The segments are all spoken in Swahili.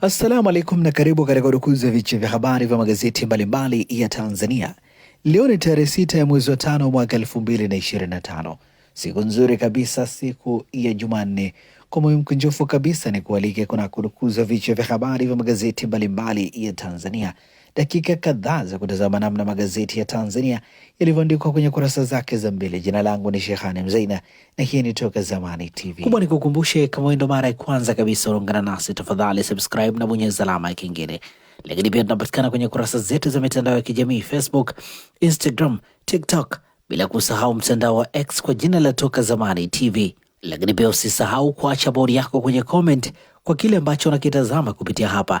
Assalamu alaikum na karibu katika udukuzi ya vichwa vya habari vya magazeti mbalimbali ya Tanzania. Leo ni tarehe sita ya mwezi wa tano mwaka elfu mbili na ishirini na tano. Siku nzuri kabisa, siku ya Jumanne. Kwa moyo mkunjofu kabisa ni kualike kuna wa vichwa vya habari vya magazeti mbalimbali ya Tanzania dakika kadhaa za kutazama namna magazeti ya Tanzania yalivyoandikwa kwenye kurasa zake za mbele. Jina langu ni Shehani Mzeina na hii ni Toka Zamani TV. Kumbuka nikukumbushe, kama wewe ndo mara ya kwanza kabisa unaungana nasi, tafadhali subscribe na bonyeza alama ya kengele. Lakini pia tunapatikana kwenye kurasa zetu za mitandao ya kijamii Facebook, Instagram, TikTok, bila kusahau mtandao wa X kwa jina la Toka Zamani TV. Lakini pia usisahau kuacha bodi yako kwenye comment kwa kile ambacho unakitazama kupitia hapa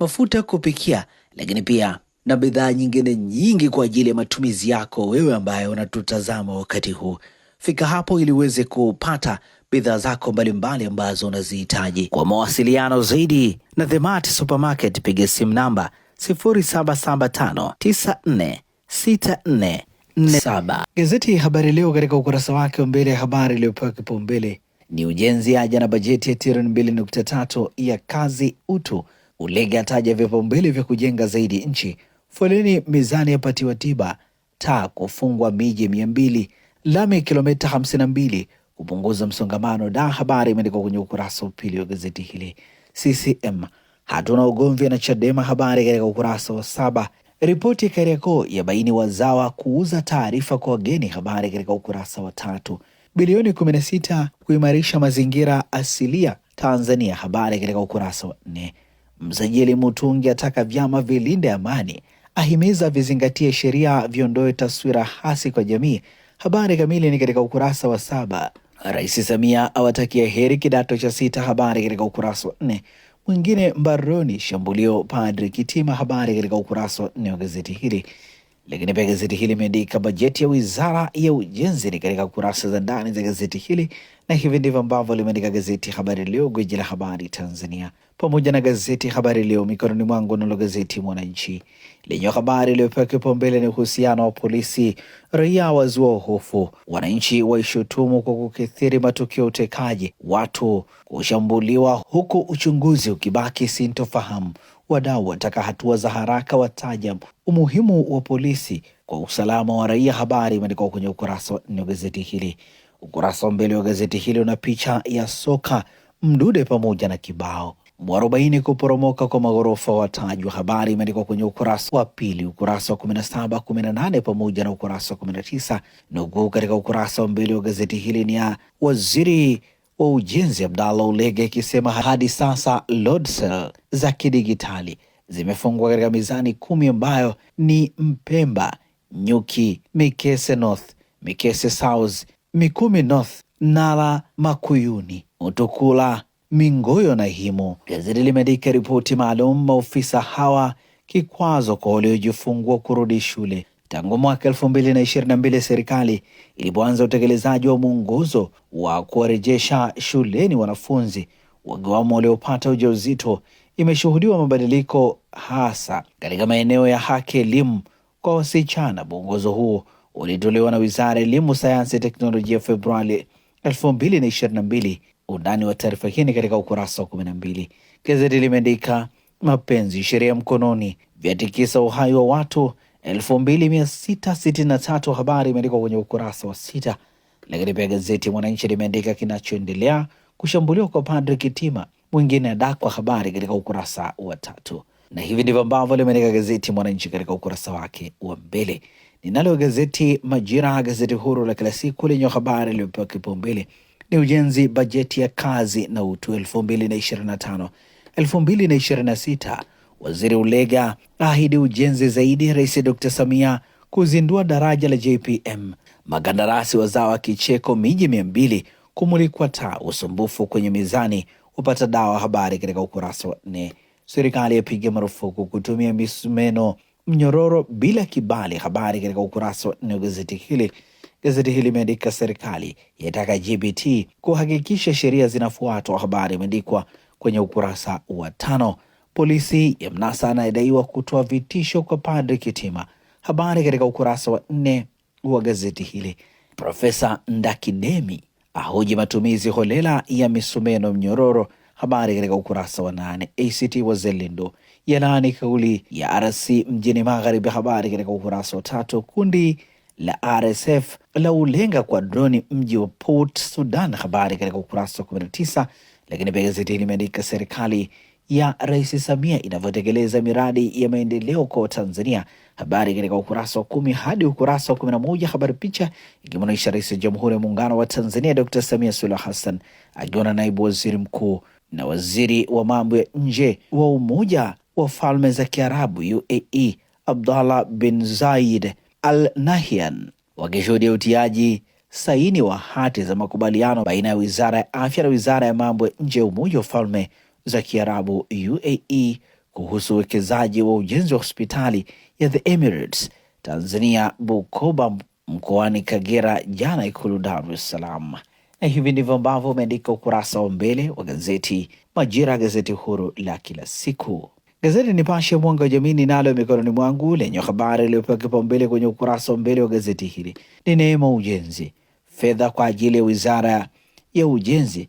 mafuta ya kupikia, lakini pia na bidhaa nyingine nyingi kwa ajili ya matumizi yako wewe ambaye unatutazama wakati huu. Fika hapo ili uweze kupata bidhaa zako mbalimbali ambazo unazihitaji. Kwa mawasiliano zaidi na Themart Supermarket piga simu namba 0775946447. Gazeti Habari Leo katika ukurasa wake wa mbele ya habari iliyopewa kipaumbele ni ujenzi aja na bajeti ya trilioni 2.3 ya kazi utu Ulega ataja vipaumbele vya kujenga zaidi nchi. Foleni mizani yapatiwa tiba. Taa kufungwa miji mia mbili. Lami kilomita mbili kupunguza msongamano. Da, habari imeandikwa kwenye ukurasa wa pili wa gazeti hili. CCM hatuna ugomvi na Chadema, habari katika ukurasa wa saba. Ripoti ya Kariakoo yabaini wazawa kuuza taarifa kwa wageni, habari katika ukurasa wa tatu. Bilioni sita kuimarisha mazingira asilia Tanzania, habari katika ukurasa wa nne. Msajili Mutungi ataka vyama vilinde amani, ahimiza vizingatie sheria, viondoe taswira hasi kwa jamii. Habari kamili ni katika ukurasa wa saba. Rais Samia awatakia heri kidato cha sita, habari katika ukurasa wa nne. Mwingine mbaroni, shambulio padri Kitima, habari katika ukurasa wa nne wa gazeti hili. Lakini pia gazeti hili imeandika bajeti ya wizara ya ujenzi ni katika kurasa za ndani za gazeti hili, na hivi ndivyo ambavyo limeandika gazeti Habari Leo, gwiji la habari Tanzania, pamoja na gazeti Habari Leo mikononi mwangu. Nalo gazeti Mwananchi lenye habari iliyopewa kipaumbele ni uhusiano wa polisi raia wazua hofu, wananchi waishutumu kwa kukithiri matukio ya utekaji, watu kushambuliwa, huku uchunguzi ukibaki sintofahamu Wadau wataka hatua za haraka, wataja umuhimu wa polisi kwa usalama wa raia. Habari imeandikwa kwenye ukurasa wa nne wa gazeti hili. Ukurasa wa mbele wa gazeti hili una picha ya soka mdude pamoja na kibao mwarobaini kuporomoka kwa maghorofa watajwa. Habari imeandikwa kwenye ukurasa wa pili, ukurasa wa kumi na saba, kumi na nane pamoja na ukurasa wa kumi na tisa. Nukuu katika ukurasa wa mbele wa gazeti hili ni ya waziri wa ujenzi Abdallah Ulege ikisema hadi sasa lodsel za kidigitali zimefungwa katika mizani kumi ambayo ni Mpemba, Nyuki, Mikese North, Mikese South, Mikumi North, Nala, Makuyuni, Utukula, Mingoyo na Himu. Gazeti limeandika ripoti maalum, maofisa hawa kikwazo kwa waliojifungua kurudi shule. Tangu mwaka elfu mbili na ishirini na mbili serikali ilipoanza utekelezaji wa mwongozo wa kuwarejesha shuleni wanafunzi wakiwamo waliopata ujauzito, imeshuhudiwa mabadiliko hasa katika maeneo ya haki elimu kwa wasichana. Mwongozo huo ulitolewa na Wizara ya Elimu, Sayansi ya Teknolojia Februari elfu mbili na ishirini na mbili. Undani wa taarifa hii ni katika ukurasa wa kumi na mbili. Gazeti limeandika mapenzi sheria mkononi vyatikisa uhai wa watu 2663. Habari imeandikwa kwenye ukurasa wa sita. Lakini pia gazeti Mwananchi limeandika kinachoendelea kushambuliwa kwa Padri Kitima, mwingine adakwa, habari katika ukurasa wa tatu, na hivi ndivyo ambavyo limeandika gazeti Mwananchi katika ukurasa wake wa mbele. Ninalo gazeti Majira, gazeti huru la kila siku lenye habari iliyopewa kipaumbele ni ujenzi, bajeti ya kazi na utu 2025 2026 Waziri Ulega ahidi ujenzi zaidi. Rais Dr. Samia kuzindua daraja la JPM. Makandarasi wazawa kicheko. Miji mia mbili kumulikwa taa. Usumbufu kwenye mizani upata dawa. Habari katika ukurasa wa nne. Serikali yapiga marufuku kutumia misumeno mnyororo bila kibali. Habari katika ukurasa wa nne wa gazeti hili. Gazeti hili imeandika serikali yataka GBT kuhakikisha sheria zinafuatwa. Habari imeandikwa kwenye ukurasa wa tano. Polisi ya mnasa anayedaiwa kutoa vitisho kwa Padri Kitima. Habari katika ukurasa wa nne wa gazeti hili. Profesa Ndakidemi ahoji matumizi holela ya misumeno mnyororo. Habari katika ukurasa wa nane. ACT Wazalendo yalaani kauli ya RC mjini Magharibi. Habari katika ukurasa wa tatu. Kundi la RSF la ulenga kwa droni mji wa Port Sudan. Habari katika ukurasa wa 19. Lakini pia gazeti hili limeandika serikali ya Rais Samia inavyotekeleza miradi ya maendeleo kwa Tanzania. Habari katika ukurasa wa kumi hadi ukurasa wa kumi na moja. Habari picha ikimwonyesha Rais wa Jamhuri ya Muungano wa Tanzania Dr. Samia Suluhu Hassan akiwa na naibu waziri mkuu na waziri wa mambo ya nje wa Umoja wa Falme za Kiarabu UAE Abdallah bin Zaid Al Nahyan wakishuhudia utiaji saini wa hati za makubaliano baina ya Wizara ya Afya na Wizara ya Mambo ya Nje ya Umoja wa Falme za Kiarabu UAE kuhusu uwekezaji wa ujenzi wa hospitali ya The Emirates Tanzania Bukoba mkoani Kagera jana Ikulu Dar es Salaam. Na hivi ndivyo ambavyo umeandika ukurasa wa mbele wa gazeti Majira, gazeti huru la kila siku. Gazeti Nipashe Mwanga wa Jamii ninalo mikononi mwangu lenye habari iliyopewa kipaumbele kwenye ukurasa wa mbele wa gazeti hili ni neema ujenzi, fedha kwa ajili ya wizara ya ujenzi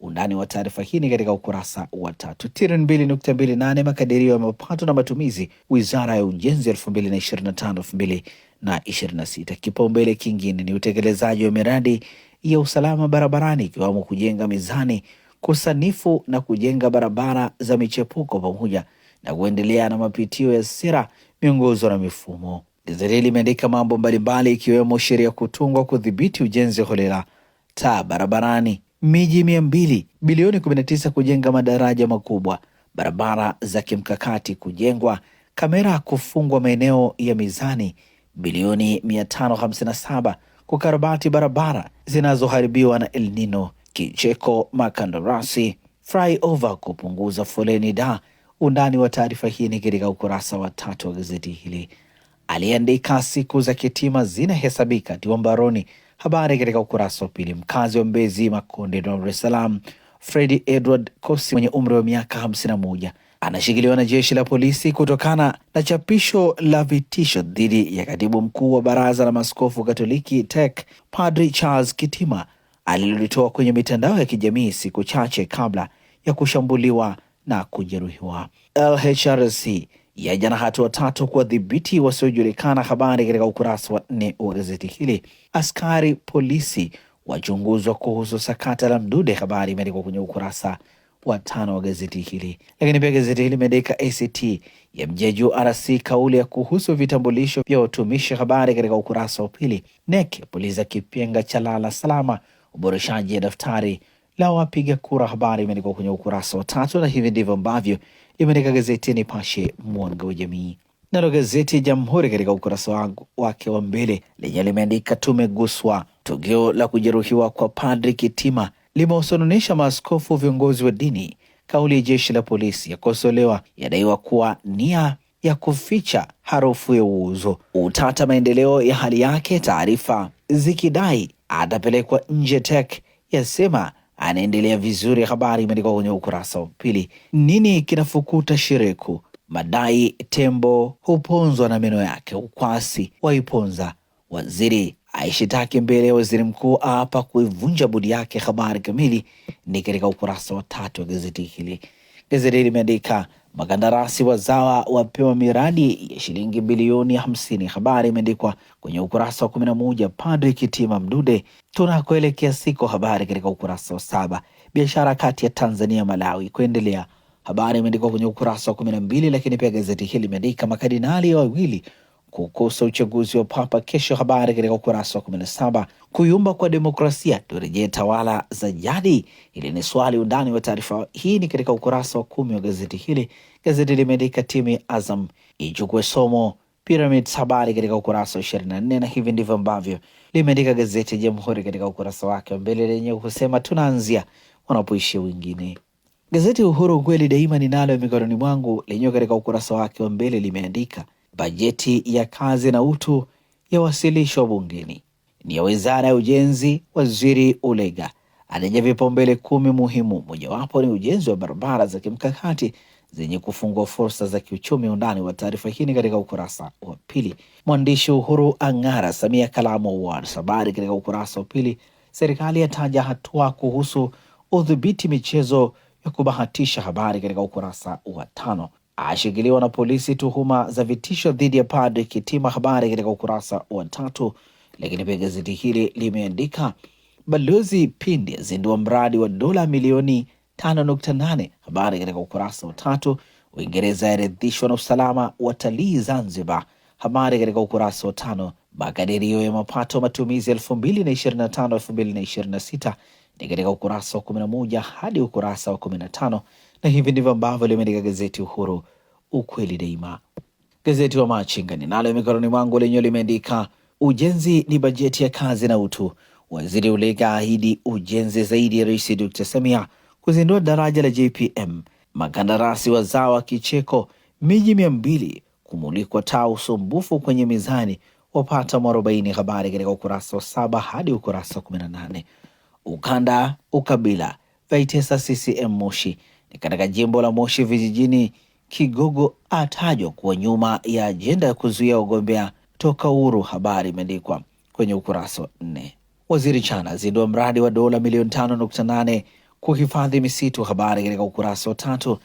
Undani wa taarifa hii ni katika ukurasa wa tatu. Trilioni mbili nukta mbili nane makadirio ya mapato na matumizi wizara ya ujenzi elfu mbili na ishirini na tano elfu mbili na ishirini na sita. Kipaumbele kingine ni utekelezaji wa miradi ya usalama barabarani ikiwemo kujenga mizani, kusanifu na kujenga barabara za michepuko pamoja na kuendelea na mapitio ya sera, miongozo na mifumo. Gazeti hili limeandika mambo mbalimbali ikiwemo sheria kutungwa kudhibiti ujenzi holela taa barabarani miji mia mbili bilioni 19 kujenga madaraja makubwa, barabara za kimkakati kujengwa, kamera kufungwa maeneo ya mizani, bilioni 557 kukarabati barabara zinazoharibiwa na El Nino, kicheko makandarasi flyover kupunguza foleni da. Undani wa taarifa hii ni katika ukurasa wa tatu wa gazeti hili. Aliyeandika siku za kitima zinahesabika, tiwa mbaroni Habari katika ukurasa wa pili. Mkazi wa Mbezi Makonde, Dar es Salaam, Fredi Edward Kosi mwenye umri wa miaka 51 anashikiliwa na jeshi la polisi kutokana na chapisho la vitisho dhidi ya katibu mkuu wa Baraza la maskofu Katoliki TEC Padri Charles Kitima alilolitoa kwenye mitandao ya kijamii siku chache kabla ya kushambuliwa na kujeruhiwa. LHRC yaja na hatua tatu kuwadhibiti wasiojulikana. Habari katika ukurasa wa nne wa gazeti hili. Askari polisi wachunguzwa kuhusu sakata la Mdude, habari imeandikwa kwenye ukurasa wa tano wa gazeti hili. Lakini pia gazeti hili imeandika ACT ya mjeju RC kauli ya kuhusu vitambulisho vya watumishi, habari katika ukurasa wa pili. NEC yapuliza kipenga cha lala salama, uboreshaji ya daftari la wapiga kura, habari imeandikwa kwenye ukurasa wa tatu, na hivi ndivyo ambavyo limeandika gazeti ya Nipashe mwanga wa jamii. Nalo gazeti ya Jamhuri katika ukurasa wake wa mbele lenye limeandika tumeguswa, tukio la kujeruhiwa kwa Padri Kitima limewasononisha maaskofu, viongozi wa dini. Kauli ya jeshi la polisi yakosolewa, yadaiwa kuwa nia ya kuficha harufu ya uuzo. Utata maendeleo ya hali yake, taarifa zikidai atapelekwa nje. tek yasema anaendelea vizuri. Habari imeandikwa kwenye ukurasa wa pili. Nini kinafukuta shereku? Madai tembo huponzwa na meno yake, ukwasi waiponza waziri aishitaki mbele ya waziri mkuu aapa kuivunja bodi yake. Habari kamili ni katika ukurasa wa tatu wa gazeti hili. Gazeti hili limeandika Makandarasi wazawa wapewa miradi ya shilingi bilioni hamsini. Habari imeandikwa kwenye ukurasa wa 11. Padri Kitima Mdude, tunakoelekea siko. Habari katika ukurasa wa saba. Biashara kati ya Tanzania Malawi kuendelea. Habari imeandikwa kwenye ukurasa wa mbili Lakini pia gazeti hili limeandika ya wawili kukosa uchaguzi wa papa kesho. Habari katika ukurasa wa kumi na saba. Kuyumba kwa demokrasia, turejee tawala za jadi? Hili ni swali. Undani wa taarifa hii ni katika ukurasa wa kumi wa gazeti hili. Gazeti limeandika timu ya Azam ichukue somo Pyramids, habari katika ukurasa wa 24, na hivi ndivyo ambavyo limeandika gazeti ya Jamhuri katika ukurasa wake wa mbele lenye kusema tunaanzia wanapoishia wengine. Gazeti Uhuru, ukweli daima, ninalo mikononi mwangu, lenyewe katika ukurasa wake wa mbele limeandika Bajeti ya kazi na utu yawasilishwa bungeni. Ni ya wizara ya ujenzi. Waziri Ulega ataja vipaumbele kumi muhimu, mojawapo ni ujenzi wa barabara za kimkakati zenye kufungua fursa za kiuchumi. Undani wa taarifa hii ni katika ukurasa wa pili. Mwandishi Uhuru ang'ara Samia Kalamu Awards, habari katika ukurasa wa pili. Serikali yataja hatua kuhusu udhibiti michezo ya kubahatisha, habari katika ukurasa wa tano ashikiliwa na polisi tuhuma za vitisho dhidi ya Padri Kitima. Habari katika ukurasa wa tatu. Lakini pia gazeti hili limeandika balozi Pindi azindua mradi wa dola milioni 5.8. Habari katika ukurasa wa tatu. Uingereza yaridhishwa na usalama watalii Zanzibar. Habari katika ukurasa wa tano. Makadirio ya mapato matumizi 2025 2026 ni katika ukurasa wa 11 hadi ukurasa wa 15 na hivi ndivyo ambavyo limeandika gazeti Uhuru, ukweli daima. Gazeti wa Machinga ninalo mikononi mwangu, lenyewe limeandika ujenzi ni bajeti ya kazi na utu, waziri Ulega ahidi ujenzi zaidi ya Rais Dr Samia kuzindua daraja la JPM, makandarasi wazawa kicheko, miji mia mbili kumulikwa taa, usumbufu kwenye mizani wapata mwarobaini. Habari katika ukurasa wa saba hadi ukurasa wa kumi na nane. Ukanda ukabila vaitesa CCM Moshi ni katika jimbo la Moshi Vijijini. Kigogo atajwa kuwa nyuma ya ajenda ya kuzuia ugombea toka uhuru, habari imeandikwa kwenye ukurasa wa nne. Waziri Chana azindua mradi wa dola milioni tano nukta nane kuhifadhi misitu, habari katika ukurasa wa tatu.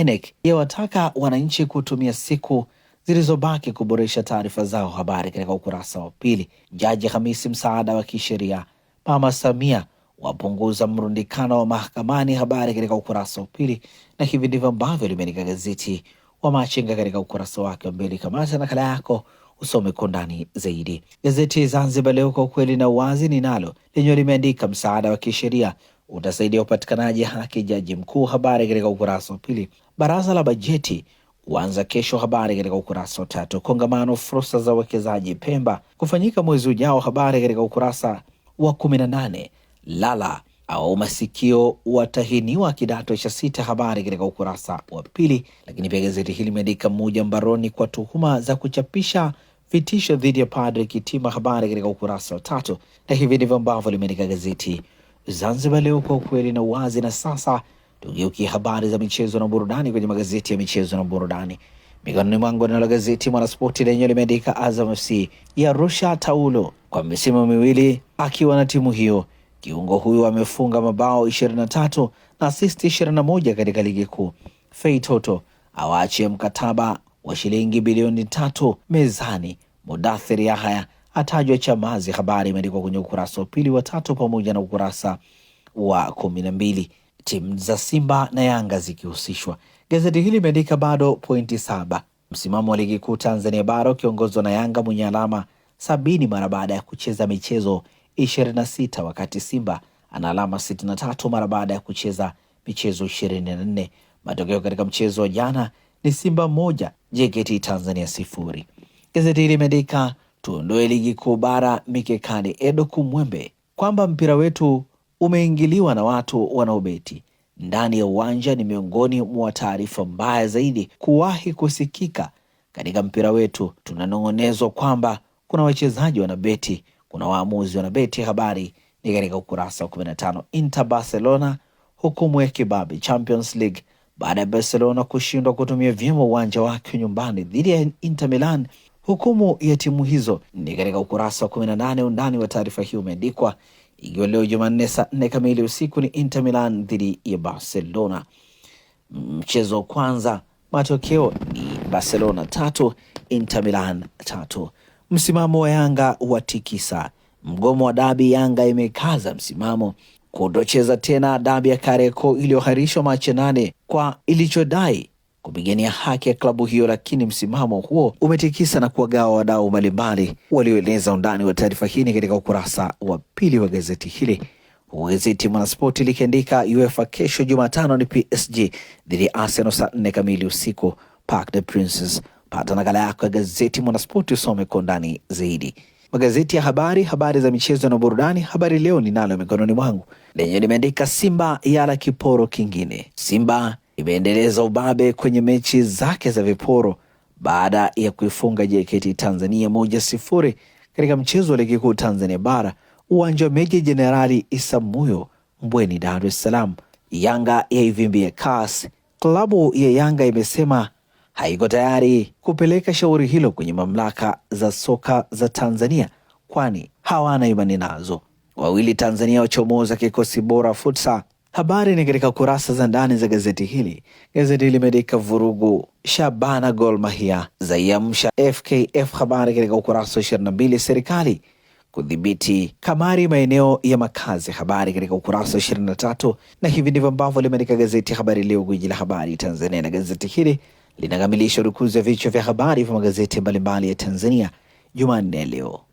INEC yawataka wananchi kutumia siku zilizobaki kuboresha taarifa zao, habari katika ukurasa wa pili. Jaji Hamisi msaada wa kisheria, Mama Samia wapunguza mrundikano wa mahakamani. Habari katika ukurasa wa pili, na hivi ndivyo ambavyo limeandika gazeti wa Machinga katika ukurasa wake wa mbele. Kamata nakala yako usome kwa ndani zaidi. Gazeti Zanzibar Leo, kwa ukweli na uwazi, nalo lenyewe limeandika msaada wa kisheria utasaidia upatikanaji haki jaji mkuu. Habari katika ukurasa wa pili. Baraza la bajeti huanza kesho. Habari katika ukurasa wa tatu. Kongamano fursa za uwekezaji Pemba kufanyika mwezi ujao. Habari katika ukurasa wa kumi na nane lala au masikio watahiniwa kidato cha sita. Habari katika ukurasa wa pili. Lakini pia gazeti hili limeandika mmoja mbaroni kwa tuhuma za kuchapisha vitisho dhidi ya Padri Kitima. Habari katika ukurasa wa tatu, na hivi ndivyo ambavyo limeandika gazeti Zanzibar Leo kwa ukweli na uwazi. Na sasa tugeukie habari za michezo na burudani kwenye magazeti ya michezo na burudani mikononi mwangu. Nalo gazeti Mwanaspoti lenyewe limeandika Azam FC ya rusha taulo kwa misimu miwili akiwa na timu hiyo Kiungo huyo amefunga mabao 23 na asisti 21 katika ligi kuu. Fei Toto awaachie mkataba wa shilingi bilioni tatu mezani. Mudathir Yahya atajwa Chamazi. Habari imeandikwa kwenye ukurasa wa pili wa tatu pamoja na ukurasa wa kumi na mbili timu za Simba na Yanga zikihusishwa. Gazeti hili imeandika bado pointi saba, msimamo wa ligi kuu Tanzania bara ukiongozwa na Yanga mwenye alama sabini mara baada ya kucheza michezo 26 wakati Simba ana alama 63 mara baada ya kucheza michezo 24. Matokeo katika mchezo wa jana ni Simba moja JKT Tanzania sifuri. Gazeti hili limeandika tuondoe ligi kuu bara mikekani Edo Kumwembe kwamba mpira wetu umeingiliwa na watu wanaobeti ndani ya uwanja ni miongoni mwa taarifa mbaya zaidi kuwahi kusikika katika mpira wetu. Tunanong'onezwa kwamba kuna wachezaji wanabeti kuna waamuzi wanabeti. Habari ni katika ukurasa wa 15. Inter Barcelona, hukumu ya kibabi. Champions League baada ya Barcelona kushindwa kutumia vyema uwanja wake nyumbani dhidi ya Inter Milan, hukumu ya timu hizo ni katika ukurasa wa 18. Undani wa taarifa hii umeandikwa ikiwa leo Jumanne saa nne kamili usiku ni Inter Milan dhidi ya Barcelona. Mchezo wa kwanza matokeo ni Barcelona tatu Inter Milan tatu. Msimamo wa Yanga watikisa mgomo wa dabi. Yanga imekaza msimamo kutocheza tena dabi ya Kariakoo iliyoahirishwa Machi nane kwa ilichodai kupigania haki ya klabu hiyo, lakini msimamo huo umetikisa na kuwagawa wadau mbalimbali walioeleza undani wa taarifa hii katika ukurasa wa pili wa gazeti hili. Gazeti Mwanaspoti likiandika UEFA kesho Jumatano ni PSG dhidi ya Arsenal saa nne kamili usiku Park the Princes. Pata nakala yako ya gazeti Mwanaspoti usome kwa undani zaidi. Magazeti ya habari, habari za michezo na burudani. Habari Leo ninalo mikononi mwangu, lenyewe limeandika Simba yala kiporo kingine. Simba imeendeleza ubabe kwenye mechi zake za viporo baada ya kuifunga JKT Tanzania moja sifuri katika mchezo wa ligi kuu Tanzania bara uwanja wa Meja Jenerali Isamuyo Mbweni, Dar es Salaam. Yanga yaivimbia CAS. Klabu ya Yanga imesema haiko tayari kupeleka shauri hilo kwenye mamlaka za soka za Tanzania kwani hawana imani nazo. Wawili Tanzania wachomoza kikosi bora futsa. Habari ni katika kurasa za ndani za gazeti hili. Gazeti limeandika vurugu Shabana Gor Mahia zaiamsha FKF. Habari katika ukurasa wa 22. Serikali kudhibiti kamari maeneo ya makazi. Habari katika ukurasa wa 23. Na hivi ndivyo ambavyo limeandika gazeti Habari Leo, gwiji la habari Tanzania, na gazeti hili linakamilisha urukuzi wa vichwa vya habari vya magazeti mbalimbali ya Tanzania Jumanne leo.